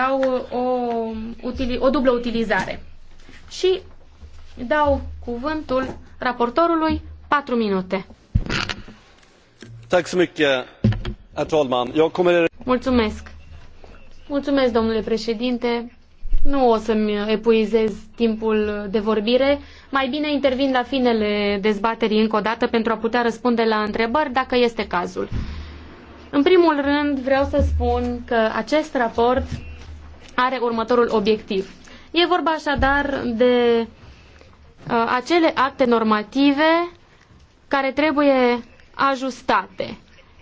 au o, o dublă utilizare. Și dau cuvântul raportorului 4 minute. Mulțumesc. Mulțumesc, domnule președinte. Nu o să-mi epuizez timpul de vorbire. Mai bine intervin la finele dezbaterii încă o dată pentru a putea răspunde la întrebări dacă este cazul. În primul rând vreau să spun că acest raport are următorul obiectiv. E vorba așadar de uh, acele acte normative care trebuie ajustate.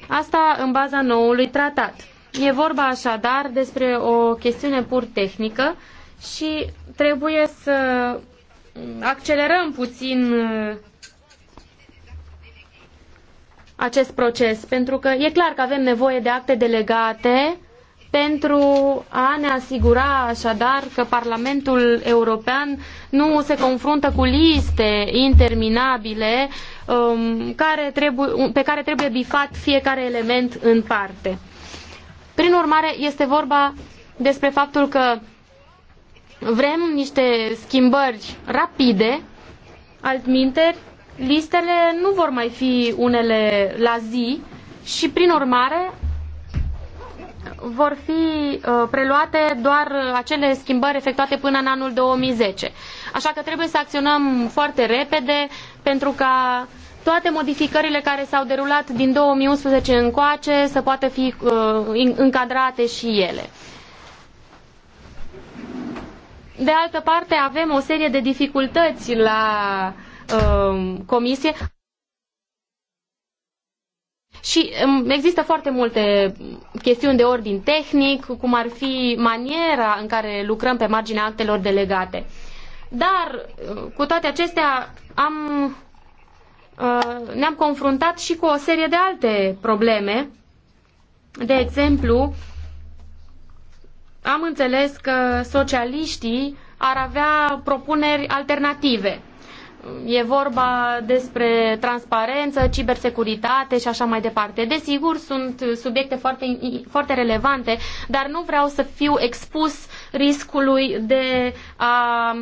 Asta în baza noului tratat. E vorba așadar despre o chestiune pur tehnică și trebuie să accelerăm puțin uh, acest proces, pentru că e clar că avem nevoie de acte delegate pentru a ne asigura așadar că Parlamentul European nu se confruntă cu liste interminabile um, care trebuie, pe care trebuie bifat fiecare element în parte. Prin urmare, este vorba despre faptul că vrem niște schimbări rapide, altminteri, listele nu vor mai fi unele la zi și, prin urmare, vor fi uh, preluate doar uh, acele schimbări efectuate până în anul 2010. Așa că trebuie să acționăm foarte repede pentru ca toate modificările care s-au derulat din 2011 încoace să poată fi uh, încadrate și ele. De altă parte, avem o serie de dificultăți la uh, comisie. Și um, există foarte multe chestiuni de ordin tehnic, cum ar fi maniera în care lucrăm pe marginea actelor delegate. Dar, uh, cu toate acestea, am, uh, ne-am confruntat și cu o serie de alte probleme. De exemplu, am înțeles că socialiștii ar avea propuneri alternative. E vorba despre transparență, cibersecuritate și așa mai departe. Desigur, sunt subiecte foarte, foarte relevante, dar nu vreau să fiu expus riscului de a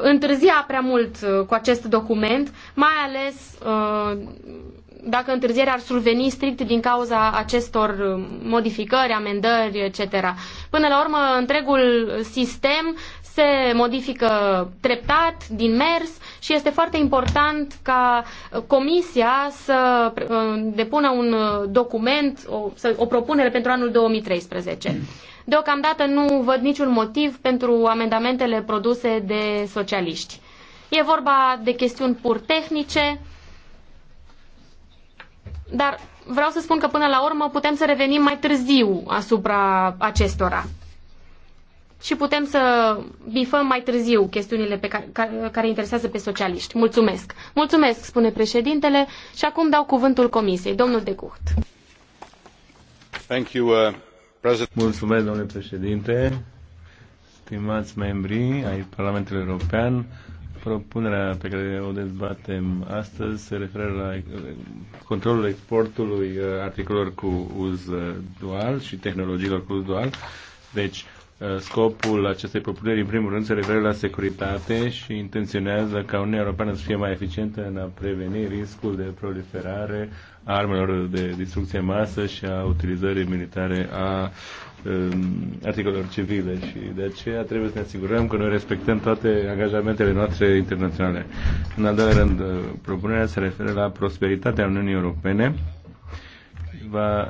întârzia prea mult uh, cu acest document, mai ales uh, dacă întârzierea ar surveni strict din cauza acestor uh, modificări, amendări, etc. Până la urmă, întregul sistem se modifică treptat, din mers, și este foarte important ca uh, Comisia să uh, depună un uh, document, o, să, o propunere pentru anul 2013. Deocamdată nu văd niciun motiv pentru amendamentele produse de socialiști. E vorba de chestiuni pur tehnice, dar vreau să spun că până la urmă putem să revenim mai târziu asupra acestora și putem să bifăm mai târziu chestiunile pe care, care, care interesează pe socialiști. Mulțumesc. Mulțumesc, spune președintele, și acum dau cuvântul comisiei. Domnul De Gucht. Thank you, uh, President. Mulțumesc, domnule președinte, stimați membri ai Parlamentului European. Propunerea pe care o dezbatem astăzi se referă la controlul exportului uh, articolelor cu uz uh, dual și tehnologiilor cu uz dual. Deci, Uh, scopul acestei propuneri, în primul rând, se referă la securitate și intenționează ca Uniunea Europeană să fie mai eficientă în a preveni riscul de proliferare a armelor de distrucție masă și a utilizării militare a um, articolelor civile și de aceea trebuie să ne asigurăm că noi respectăm toate angajamentele noastre internaționale. În al doilea rând, uh, propunerea se referă la prosperitatea Uniunii Europene va,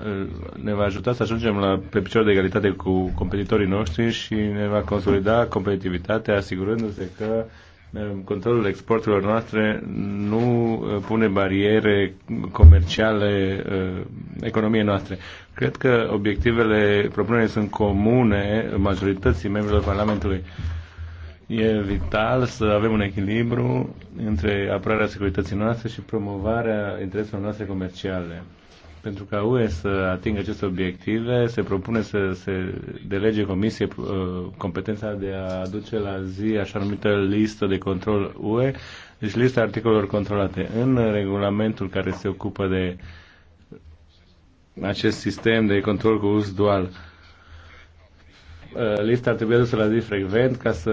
ne va ajuta să ajungem la, pe picior de egalitate cu competitorii noștri și ne va consolida competitivitatea, asigurându-se că eh, controlul exporturilor noastre nu eh, pune bariere comerciale eh, economiei noastre. Cred că obiectivele propunerii sunt comune majorității membrilor Parlamentului. E vital să avem un echilibru între apărarea securității noastre și promovarea intereselor noastre comerciale. Pentru ca UE să atingă aceste obiective, se propune să se delege Comisie uh, competența de a aduce la zi așa numită listă de control UE, deci lista articolelor controlate. În regulamentul care se ocupă de acest sistem de control cu uz dual, uh, lista ar trebui adusă la zi frecvent ca să,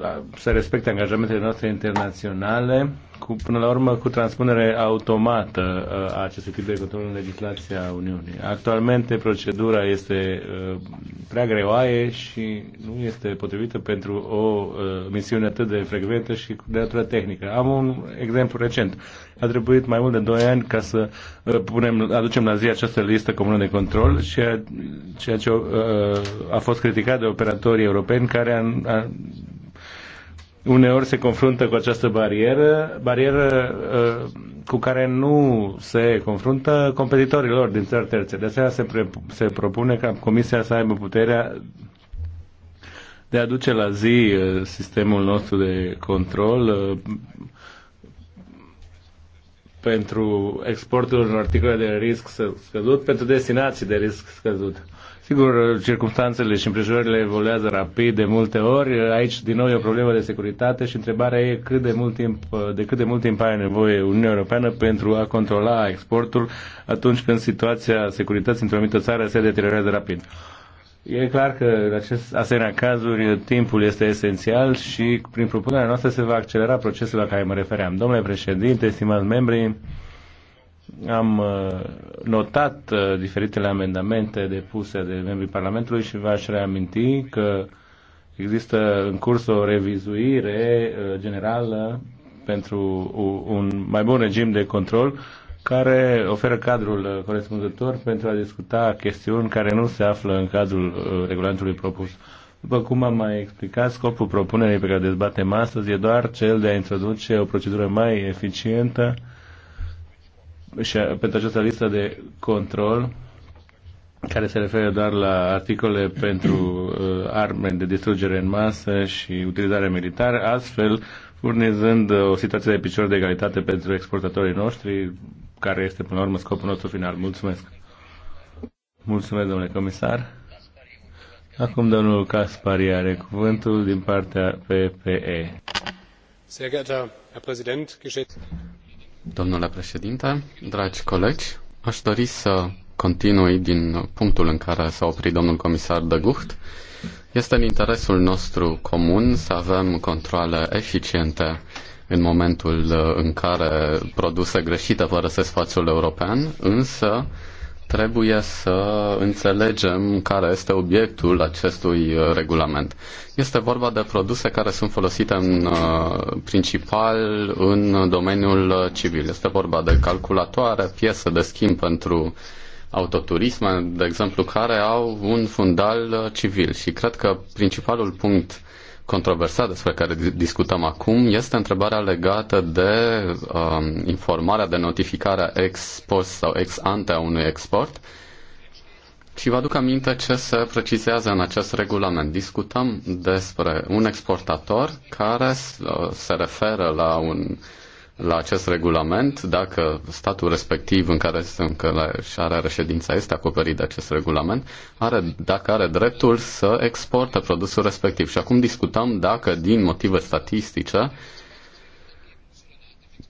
uh, să respecte angajamentele noastre internaționale cu, până la urmă cu transpunere automată uh, a acestui tip de control în legislația Uniunii. Actualmente procedura este uh, prea greoaie și nu este potrivită pentru o uh, misiune atât de frecventă și de natură tehnică. Am un exemplu recent. A trebuit mai mult de 2 ani ca să punem, aducem la zi această listă comună de control, ceea, ceea ce a fost criticat de operatorii europeni care a, a, uneori se confruntă cu această barieră, barieră uh, cu care nu se confruntă competitorii lor din țări terțe. De aceea se, pre, se propune ca Comisia să aibă puterea de a duce la zi uh, sistemul nostru de control uh, pentru exportul unor articole de risc scăzut, pentru destinații de risc scăzut. Sigur, circumstanțele și împrejurările evoluează rapid de multe ori. Aici, din nou, e o problemă de securitate și întrebarea e cât de mult timp, de cât de mult timp are nevoie Uniunea Europeană pentru a controla exportul atunci când situația securității într-o anumită țară se deteriorează rapid. E clar că în acest asemenea cazuri timpul este esențial și prin propunerea noastră se va accelera procesul la care mă refeream. Domnule președinte, stimați membri, am uh, notat uh, diferitele amendamente depuse de membrii Parlamentului și v-aș reaminti că există în curs o revizuire uh, generală pentru un mai bun regim de control care oferă cadrul corespunzător pentru a discuta chestiuni care nu se află în cadrul regulamentului propus. După cum am mai explicat, scopul propunerii pe care dezbatem astăzi e doar cel de a introduce o procedură mai eficientă și pentru această listă de control care se referă doar la articole pentru uh, arme de distrugere în masă și utilizare militară, astfel furnizând o situație de picior de egalitate pentru exportatorii noștri, care este până la urmă scopul nostru final. Mulțumesc! Mulțumesc, domnule comisar! Acum domnul Caspari are cuvântul din partea PPE. Domnule președinte, dragi colegi, aș dori să continui din punctul în care s-a oprit domnul comisar de Gucht. Este în interesul nostru comun să avem controle eficiente în momentul în care produse greșite părăsesc spațiul european, însă trebuie să înțelegem care este obiectul acestui uh, regulament. Este vorba de produse care sunt folosite în uh, principal în domeniul uh, civil. Este vorba de calculatoare, piese de schimb pentru autoturisme, de exemplu, care au un fundal civil. Și cred că principalul punct controversat despre care discutăm acum este întrebarea legată de um, informarea, de notificarea ex post sau ex ante a unui export. Și vă aduc aminte ce se precizează în acest regulament. Discutăm despre un exportator care uh, se referă la un uh, la acest regulament, dacă statul respectiv în care la, și are reședința este acoperit de acest regulament, are, dacă are dreptul să exporte produsul respectiv. Și acum discutăm dacă din motive statistice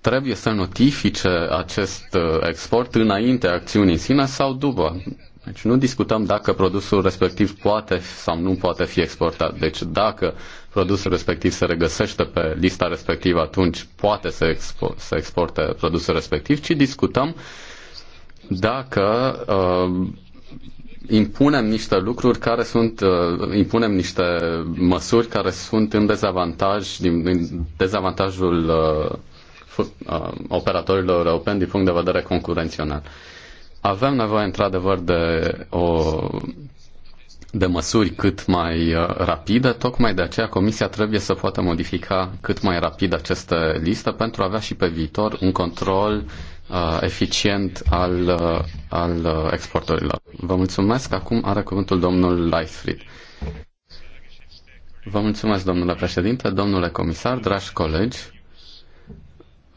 trebuie să notifice acest uh, export înainte acțiunii în sine sau după. Deci nu discutăm dacă produsul respectiv poate sau nu poate fi exportat. Deci dacă produsul respectiv se regăsește pe lista respectivă, atunci poate să, expo- să exporte produsul respectiv, ci discutăm dacă uh, impunem niște lucruri care sunt, uh, impunem niște măsuri care sunt în dezavantaj, din, din dezavantajul uh, uh, operatorilor europeni din punct de vedere concurențional. Uh, avem nevoie, într-adevăr, de o de măsuri cât mai uh, rapide, tocmai de aceea Comisia trebuie să poată modifica cât mai rapid această listă pentru a avea și pe viitor un control uh, eficient al, uh, al uh, exportorilor. Vă mulțumesc. Acum are cuvântul domnul Leifried. Vă mulțumesc, domnule președinte, domnule comisar, dragi colegi.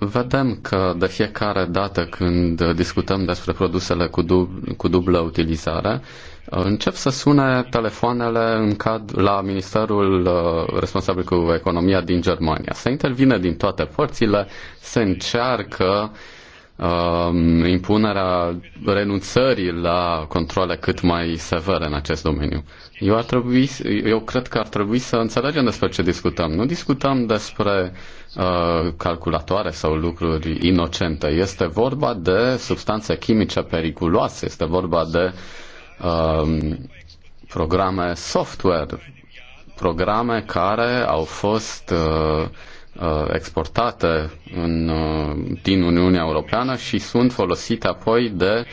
Vedem că de fiecare dată când discutăm despre produsele cu, dub- cu dublă utilizare, încep să sune telefoanele în cad- la ministerul uh, responsabil cu economia din Germania. Se intervine din toate părțile, se încearcă uh, Um, impunerea renunțării la controle cât mai severe în acest domeniu. Eu, ar trebui, eu cred că ar trebui să înțelegem despre ce discutăm. Nu discutăm despre uh, calculatoare sau lucruri inocente. Este vorba de substanțe chimice periculoase, este vorba de uh, programe software, programe care au fost uh, Uh, exportate în, uh, din Uniunea Europeană și sunt folosite apoi de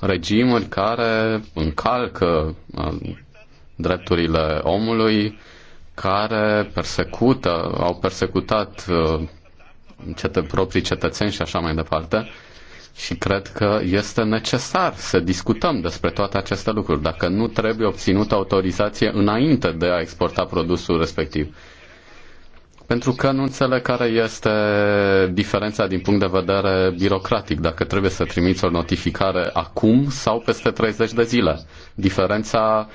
regimuri care încalcă uh, drepturile omului, care persecută, au persecutat cetă, proprii cetățeni și așa mai departe. Și cred că este necesar să discutăm despre toate aceste lucruri, dacă nu trebuie obținută autorizație înainte de a exporta produsul respectiv. Pentru că nu înțeleg care este diferența din punct de vedere birocratic, dacă trebuie să trimiți o notificare acum sau peste 30 de zile. Diferența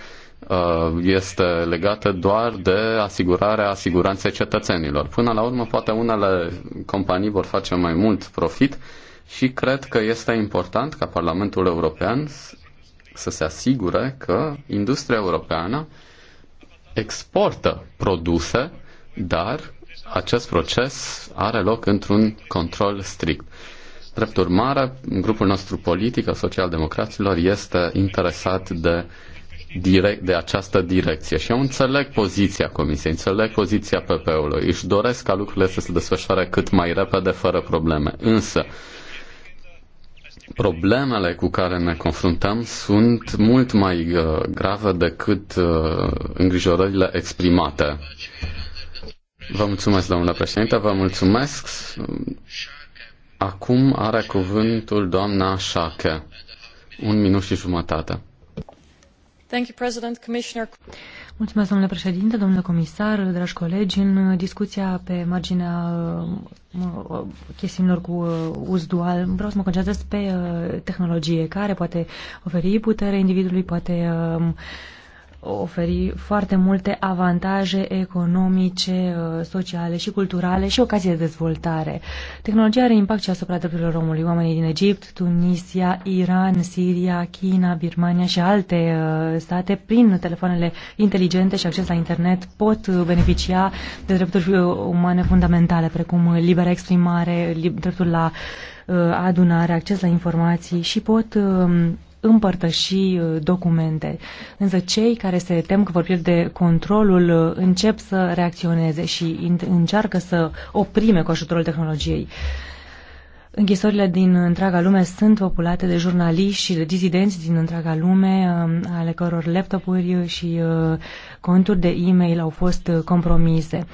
uh, este legată doar de asigurarea siguranței cetățenilor. Până la urmă, poate unele companii vor face mai mult profit și cred că este important ca Parlamentul European să se asigure că industria europeană exportă produse, dar acest proces are loc într-un control strict. Drept urmare, grupul nostru politic al socialdemocraților este interesat de, direct, de această direcție și eu înțeleg poziția Comisiei, înțeleg poziția PP-ului, își doresc ca lucrurile să se desfășoare cât mai repede, fără probleme. Însă, problemele cu care ne confruntăm sunt mult mai uh, grave decât uh, îngrijorările exprimate. Vă mulțumesc, domnule președinte, vă mulțumesc. Acum are cuvântul doamna Șache. Un minut și jumătate. Thank you, President, Commissioner. Mulțumesc, domnule președinte, domnule comisar, dragi colegi. În discuția pe marginea chestiunilor cu uh, uz dual, vreau să mă concentrez pe uh, tehnologie care poate oferi putere individului, poate uh, oferi foarte multe avantaje economice, uh, sociale și culturale și ocazii de dezvoltare. Tehnologia are impact și asupra drepturilor omului. Oamenii din Egipt, Tunisia, Iran, Siria, China, Birmania și alte uh, state, prin telefoanele inteligente și acces la internet, pot uh, beneficia de drepturi umane fundamentale, precum libera exprimare, dreptul la adunare, acces la informații și pot um, împărtăși uh, documente. Însă cei care se tem că vor pierde controlul uh, încep să reacționeze și încearcă să oprime cu ajutorul tehnologiei Închisorile din întreaga lume sunt populate de jurnaliști și de dizidenți din întreaga lume, um, ale căror laptopuri și uh, conturi de e-mail au fost uh, compromise.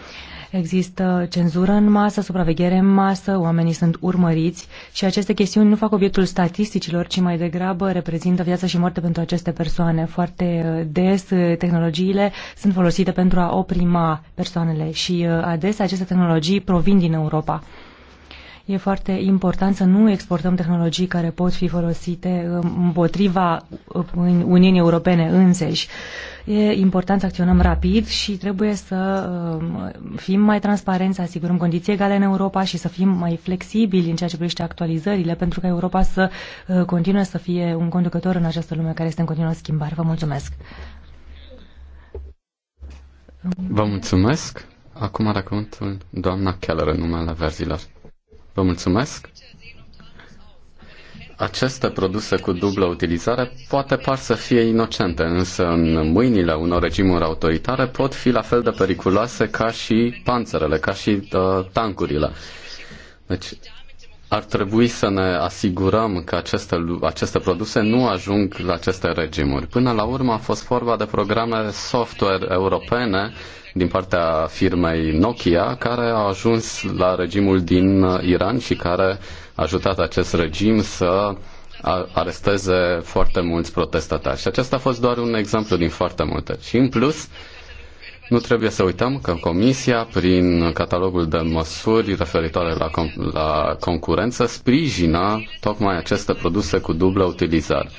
Există cenzură în masă, supraveghere în masă, oamenii sunt urmăriți și aceste chestiuni nu fac obiectul statisticilor, ci mai degrabă reprezintă viața și moarte pentru aceste persoane. Foarte uh, des tehnologiile sunt folosite pentru a oprima persoanele și adesea aceste tehnologii provin din Europa. E foarte important să nu exportăm tehnologii care pot fi folosite uh, împotriva uh, Uniunii Europene înseși. E important să acționăm rapid și trebuie să uh, fim mai transparenți, să asigurăm condiții egale în Europa și să fim mai flexibili în ceea ce privește actualizările, pentru ca Europa să continue să fie un conducător în această lume care este în continuă schimbare. Vă mulțumesc! Vă mulțumesc! Acum răcuntul doamna Keller în numele verzilor. Vă mulțumesc. Aceste produse cu dublă utilizare poate par să fie inocente, însă în mâinile unor regimuri autoritare pot fi la fel de periculoase ca și panțerele, ca și uh, tancurile. Deci ar trebui să ne asigurăm că aceste, aceste produse nu ajung la aceste regimuri. Până la urmă a fost vorba de programe software europene din partea firmei Nokia care au ajuns la regimul din Iran și care a ajutat acest regim să aresteze foarte mulți protestatari. Și acesta a fost doar un exemplu din foarte multe. Și în plus, nu trebuie să uităm că Comisia, prin catalogul de măsuri referitoare la, con- la concurență, sprijină tocmai aceste produse cu dublă utilizare.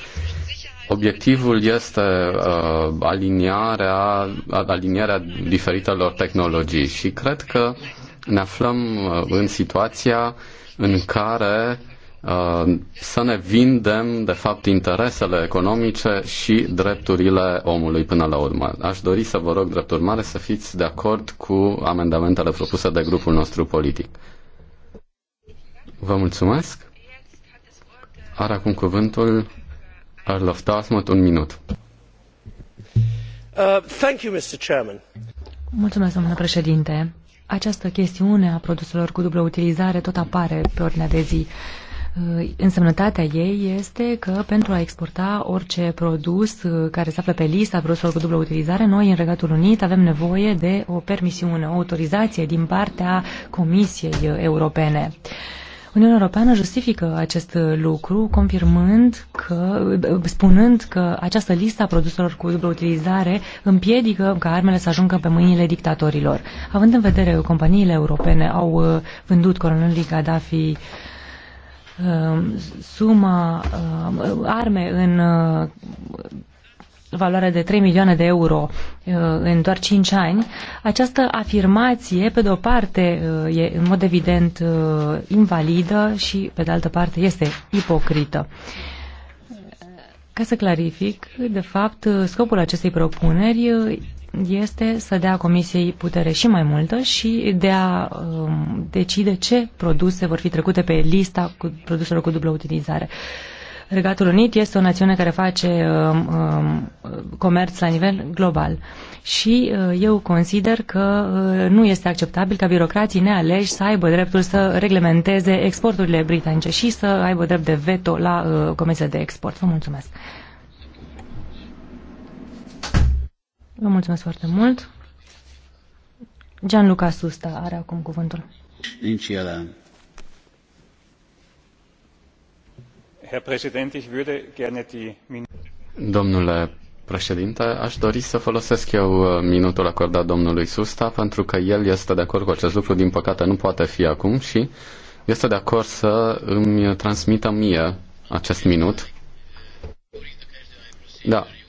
Obiectivul este uh, alinierea, alinierea diferitelor tehnologii și cred că ne aflăm uh, în situația în care Uh, să ne vindem, de fapt, interesele economice și drepturile omului până la urmă. Aș dori să vă rog, drept urmare, să fiți de acord cu amendamentele propuse de grupul nostru politic. Vă mulțumesc. Are acum cuvântul Arlof Tasmut, un minut. Uh, mulțumesc, domnule președinte. Această chestiune a produselor cu dublă utilizare tot apare pe ordinea de zi. Însemnătatea ei este că pentru a exporta orice produs uh, care se află pe lista produselor cu dublă utilizare, noi în Regatul Unit avem nevoie de o permisiune, o autorizație din partea Comisiei Europene. Uniunea Europeană justifică acest lucru confirmând că, spunând că această listă a produselor cu dublă utilizare împiedică ca armele să ajungă pe mâinile dictatorilor. Având în vedere că companiile europene au uh, vândut colonelului Gaddafi Um, suma um, arme în uh, valoare de 3 milioane de euro uh, în doar 5 ani, această afirmație, pe de o parte, uh, e în mod evident invalidă și, pe de altă parte, este ipocrită. Ca să clarific, de fapt, scopul acestei propuneri este să dea Comisiei putere și mai multă și de a um, decide ce produse vor fi trecute pe lista cu produselor cu dublă utilizare. Regatul Unit este o națiune care face um, um, comerț la nivel global și uh, eu consider că uh, nu este acceptabil ca birocrații nealeși să aibă dreptul să reglementeze exporturile britanice și să aibă drept de veto la uh, comisia de export. Vă mulțumesc! Vă mulțumesc foarte mult. Gianluca Susta are acum cuvântul. Nici el. Da. Domnule președinte, aș dori să folosesc eu uh, minutul acordat domnului Susta pentru că el este de acord cu acest lucru, din păcate nu poate fi acum și este de acord să îmi transmită mie acest minut. Da,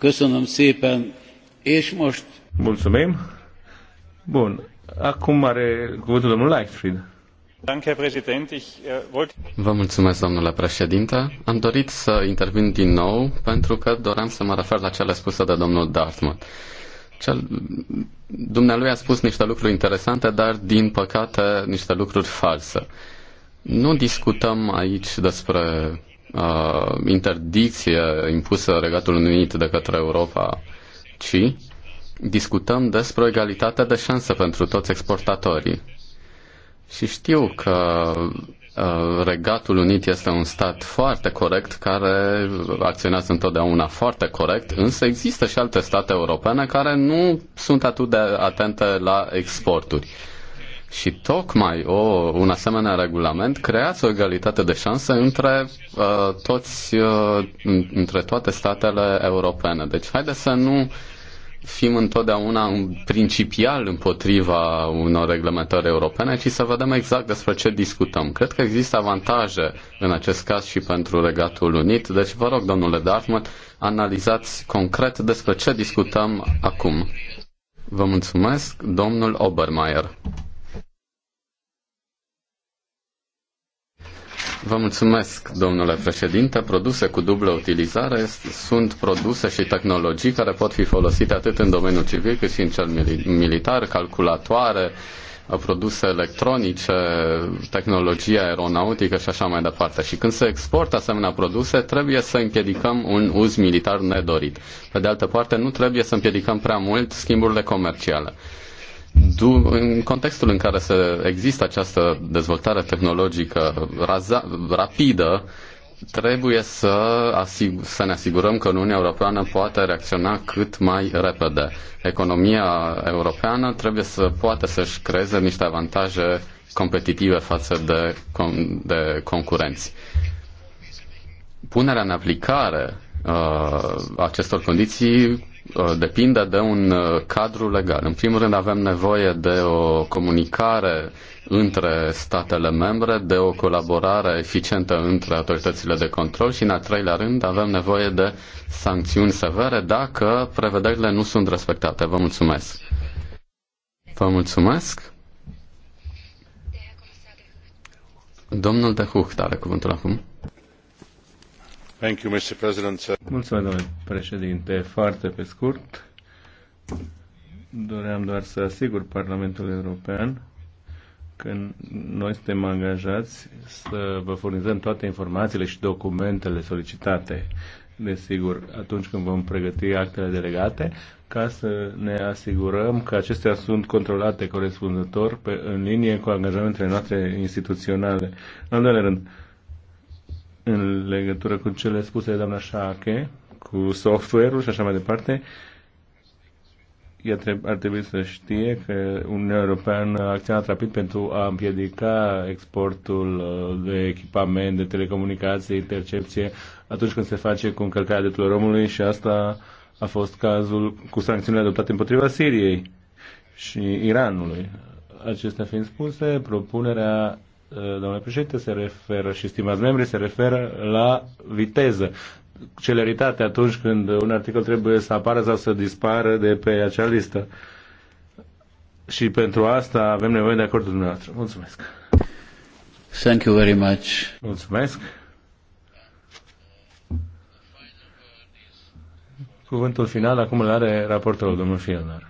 Köszönöm szépen, és most... Mulțumim. Bun. Acum are cuvântul domnul Leichtfried. Äh, Vă mulțumesc, domnule președinte. Am dorit să intervin din nou pentru că doream să mă refer la cele spuse de domnul Dartmouth. Cel... Dumnealui a spus niște lucruri interesante, dar din păcate niște lucruri false. Nu discutăm aici despre uh, interdicție impusă Regatul Unit de către Europa, ci discutăm despre egalitatea de șanse pentru toți exportatorii. Și știu că uh, Regatul Unit este un stat foarte corect care acționează întotdeauna foarte corect, însă există și alte state europene care nu sunt atât de atente la exporturi. Și tocmai o, un asemenea regulament creează o egalitate de șanse între, uh, toți, uh, între toate statele europene. Deci haideți să nu fim întotdeauna un principial împotriva unor reglementări europene, ci să vedem exact despre ce discutăm. Cred că există avantaje în acest caz și pentru Regatul Unit, deci vă rog, domnule Dartmouth, analizați concret despre ce discutăm acum. Vă mulțumesc, domnul Obermeier. Vă mulțumesc, domnule președinte. Produse cu dublă utilizare sunt produse și tehnologii care pot fi folosite atât în domeniul civil cât și în cel militar, calculatoare, produse electronice, tehnologia aeronautică și așa mai departe. Și când se exportă asemenea produse, trebuie să împiedicăm un uz militar nedorit. Pe de altă parte, nu trebuie să împiedicăm prea mult schimburile comerciale în contextul în care se există această dezvoltare tehnologică raza, rapidă, trebuie să, asig- să ne asigurăm că Uniunea Europeană poate reacționa cât mai repede. Economia europeană trebuie să poată să-și creeze niște avantaje competitive față de, com- de concurenți. Punerea în aplicare uh, acestor condiții Uh, depinde de un uh, cadru legal. În primul rând avem nevoie de o comunicare între statele membre, de o colaborare eficientă între autoritățile de control și, în al treilea rând, avem nevoie de sancțiuni severe dacă prevederile nu sunt respectate. Vă mulțumesc! Vă mulțumesc! Domnul de Huch are cuvântul acum. Mulțumesc, domnule președinte. Foarte pe scurt, doream doar să asigur Parlamentul European că noi suntem angajați să vă furnizăm toate informațiile și documentele solicitate, desigur, atunci când vom pregăti actele delegate, ca să ne asigurăm că acestea sunt controlate corespunzător pe, în linie cu angajamentele noastre instituționale. În al doilea rând, în legătură cu cele spuse de doamna Șache, cu software-ul și așa mai departe, ar trebui să știe că Uniunea Europeană a acționat rapid pentru a împiedica exportul uh, de echipament, de telecomunicații, intercepție, atunci când se face cu încălcarea de omului și asta a fost cazul cu sancțiunile adoptate împotriva Siriei și Iranului. Acestea fiind spuse, propunerea domnule președinte, se referă și stimați membri, se referă la viteză. Celeritate atunci când un articol trebuie să apară sau să dispară de pe acea listă. Și pentru asta avem nevoie de acordul dumneavoastră. Mulțumesc. Thank you very much. Mulțumesc. Cuvântul final acum îl are raportorul, domnul Fielner.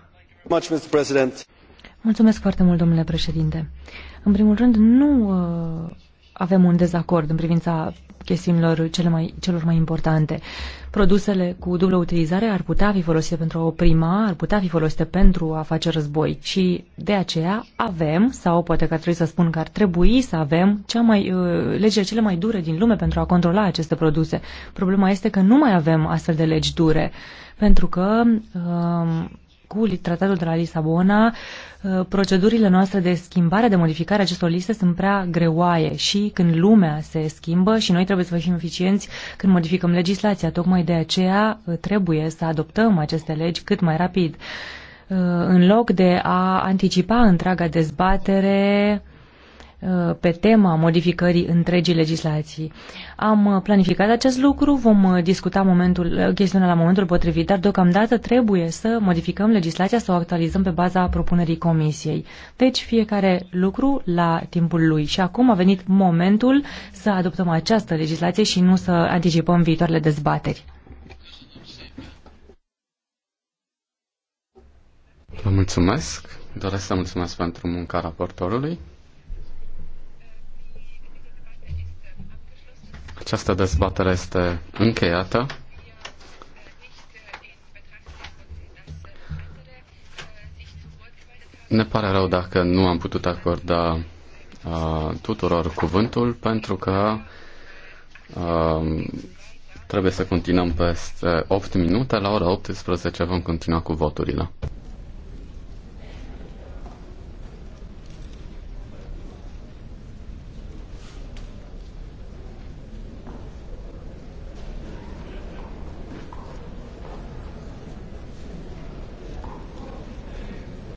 Mulțumesc foarte mult, domnule președinte. În primul rând, nu uh, avem un dezacord în privința chestiunilor cele mai, celor mai importante. Produsele cu dublă utilizare ar putea fi folosite pentru a oprima, ar putea fi folosite pentru a face război și de aceea avem, sau poate că ar trebui să spun că ar trebui să avem cea mai, uh, legile cele mai dure din lume pentru a controla aceste produse. Problema este că nu mai avem astfel de legi dure, pentru că uh, cu tratatul de la Lisabona, uh, procedurile noastre de schimbare, de modificare a acestor liste sunt prea greoaie și când lumea se schimbă și noi trebuie să fim eficienți când modificăm legislația. Tocmai de aceea uh, trebuie să adoptăm aceste legi cât mai rapid. Uh, în loc de a anticipa întreaga dezbatere, Uh, pe tema modificării întregii legislații. Am uh, planificat acest lucru, vom uh, discuta momentul, chestiunea la momentul potrivit, dar deocamdată trebuie să modificăm legislația sau actualizăm pe baza propunerii comisiei. Deci fiecare lucru la timpul lui. Și acum a venit momentul să adoptăm această legislație și nu să anticipăm viitoarele dezbateri. Vă mulțumesc. Doresc să mulțumesc pentru munca raportorului. Această dezbatere este încheiată. Ne pare rău dacă nu am putut acorda uh, tuturor cuvântul, pentru că uh, trebuie să continuăm peste 8 minute. La ora 18 vom continua cu voturile.